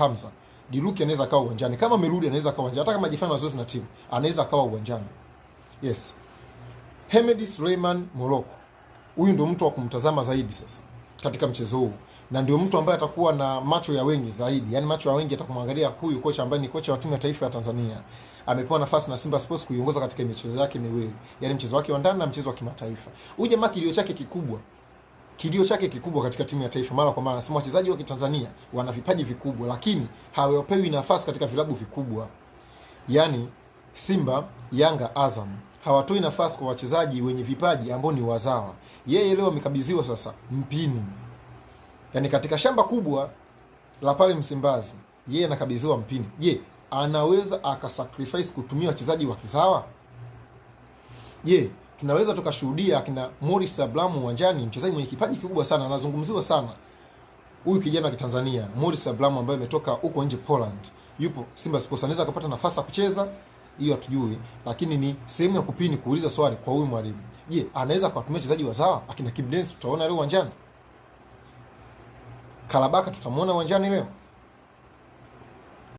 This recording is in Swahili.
Hamza. Diluki anaweza akawa uwanjani. Kama Merudi anaweza akawa uwanjani. Hata kama hajafanya mazoezi na timu, anaweza akawa uwanjani. Yes. Hemedi Suleiman Moroko. Huyu ndio mtu wa kumtazama zaidi sasa katika mchezo huu. Na ndio mtu ambaye atakuwa na macho ya wengi zaidi. Yaani macho ya wengi atakumwangalia huyu kocha ambaye ni kocha wa timu ya taifa ya Tanzania. Amepewa nafasi na Simba Sports kuiongoza katika michezo yake miwili. Yaani mchezo wake wa ndani na mchezo wa kimataifa. Huyu jamaa kilio chake kikubwa kilio chake kikubwa katika timu ya taifa mara kwa mara anasema wachezaji wa Kitanzania wana vipaji vikubwa, lakini hawapewi nafasi katika vilabu vikubwa, yaani Simba, Yanga, Azam hawatoi nafasi kwa wachezaji wenye vipaji ambao ni wazawa. Yeye leo amekabidhiwa sasa mpini, yaani katika shamba kubwa la pale Msimbazi, yeye anakabidhiwa mpini. Je, anaweza akasacrifice kutumia wachezaji wa kizawa? Je, tunaweza tukashuhudia akina Morris Abraham uwanjani, mchezaji mwenye kipaji kikubwa sana, anazungumziwa sana huyu kijana wa Kitanzania Morris Abraham ambaye ametoka huko nje Poland, yupo Simba Sports, anaweza akapata nafasi ya kucheza hiyo hatujui, lakini ni sehemu ya kupini kuuliza swali kwa huyu mwalimu. Je, anaweza kuwatumia wachezaji wazawa akina Kibdensi? Tutaona leo uwanjani. Kalabaka tutamwona uwanjani leo.